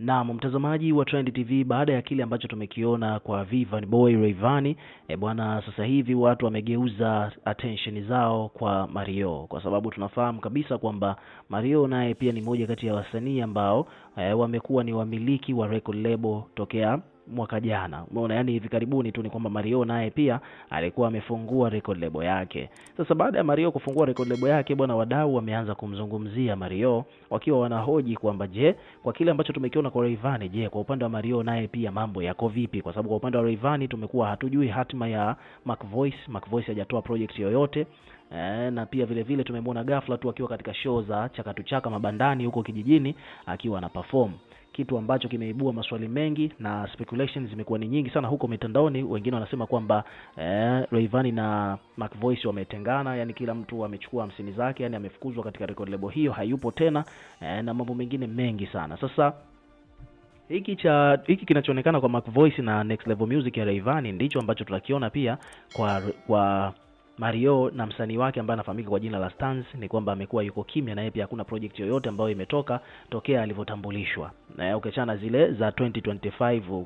Naam, mtazamaji wa Trend TV, baada ya kile ambacho tumekiona kwa Vanny Boy Rayvanny, e bwana, sasa hivi watu wamegeuza attention zao kwa Mario, kwa sababu tunafahamu kabisa kwamba Mario naye pia ni moja kati ya wasanii ambao e, wamekuwa ni wamiliki wa record label tokea mwaka jana. Umeona, yani hivi karibuni tu ni kwamba Mario naye pia alikuwa amefungua record label yake. Sasa baada ya Mario kufungua record label yake, bwana, wadau wameanza kumzungumzia Mario wakiwa wanahoji kwamba je, kwa kile ambacho tumekiona kwa Rayvanny, je, kwa upande wa Mario naye pia mambo yako vipi? Kwa sababu kwa upande wa Rayvanny tumekuwa hatujui hatima ya Mac Voice. Mac Voice hajatoa project yoyote e, na pia vile vile tumemwona ghafla tu akiwa katika show za chakatuchaka mabandani huko kijijini akiwa na perform kitu ambacho kimeibua maswali mengi na speculations zimekuwa ni nyingi sana huko mitandaoni. Wengine wanasema kwamba eh, Rayvanny na Mac Voice wametengana, yani kila mtu amechukua hamsini zake, yani amefukuzwa katika record label hiyo, hayupo tena eh, na mambo mengine mengi sana. Sasa hiki cha hiki kinachoonekana kwa Mac Voice na Next Level Music ya Rayvanny ndicho ambacho tunakiona pia kwa kwa Mario na msanii wake ambaye anafahamika kwa jina la Stans ni kwamba amekuwa yuko kimya na yeye pia hakuna project yoyote ambayo imetoka tokea alivyotambulishwa, na ukiachana zile za 2025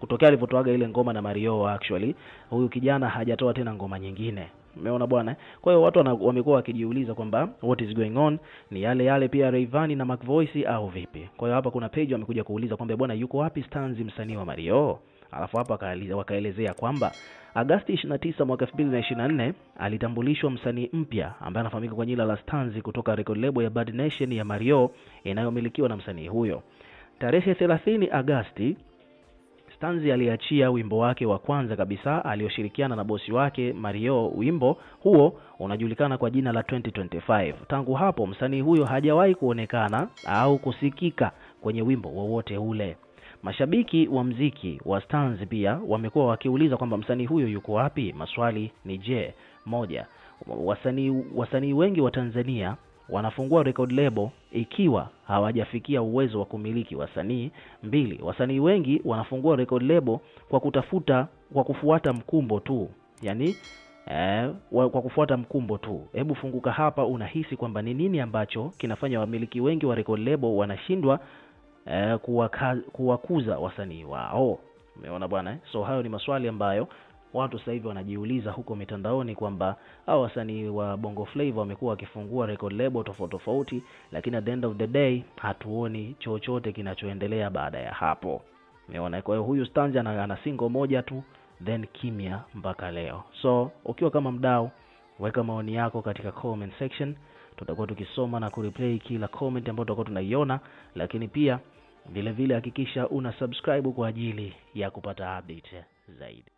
kutokea alivyotoaga ile ngoma na Mario, actually huyu kijana hajatoa tena ngoma nyingine. Umeona bwana. Eh? Kwa hiyo watu wamekuwa wakijiuliza kwamba what is going on, ni yale yale pia Rayvanny na Mac Voice au vipi? Kwa hiyo hapa kuna page wamekuja kuuliza kwamba bwana, yuko wapi Stanzi msanii wa Mario? Alafu hapa wakaelezea kwamba Agasti 29 mwaka 2024 alitambulishwa msanii mpya ambaye anafahamika kwa jina la Stanzi kutoka record label ya Bad Nation ya Mario inayomilikiwa na msanii huyo. Tarehe 30 Agasti Stanzi aliachia wimbo wake wa kwanza kabisa aliyoshirikiana na bosi wake Mario. Wimbo huo unajulikana kwa jina la 2025. Tangu hapo msanii huyo hajawahi kuonekana au kusikika kwenye wimbo wowote ule. Mashabiki wa mziki wa Stans pia wamekuwa wakiuliza kwamba msanii huyo yuko wapi. Maswali ni je, moja, wasanii wasanii wengi wa Tanzania wanafungua record label ikiwa hawajafikia uwezo wa kumiliki wasanii. Mbili, wasanii wengi wanafungua record label kwa kutafuta kwa kufuata mkumbo tu, yani eh, kwa kufuata mkumbo tu. Hebu funguka hapa, unahisi kwamba ni nini ambacho kinafanya wamiliki wengi wa record label wanashindwa eh, kuwakuza wasanii wao. Umeona bwana eh? So hayo ni maswali ambayo watu sasa hivi wanajiuliza huko mitandaoni kwamba hao wasanii wa Bongo Flava wamekuwa wakifungua record label tofauti tofauti, lakini at the end of the day hatuoni chochote kinachoendelea baada ya hapo. Umeona, kwa hiyo huyu Stanja ana single moja tu then kimya mpaka leo. So ukiwa kama mdau Weka maoni yako katika comment section, tutakuwa tukisoma na kureplay kila comment ambayo tutakuwa tunaiona, lakini pia vilevile hakikisha una subscribe kwa ajili ya kupata update zaidi.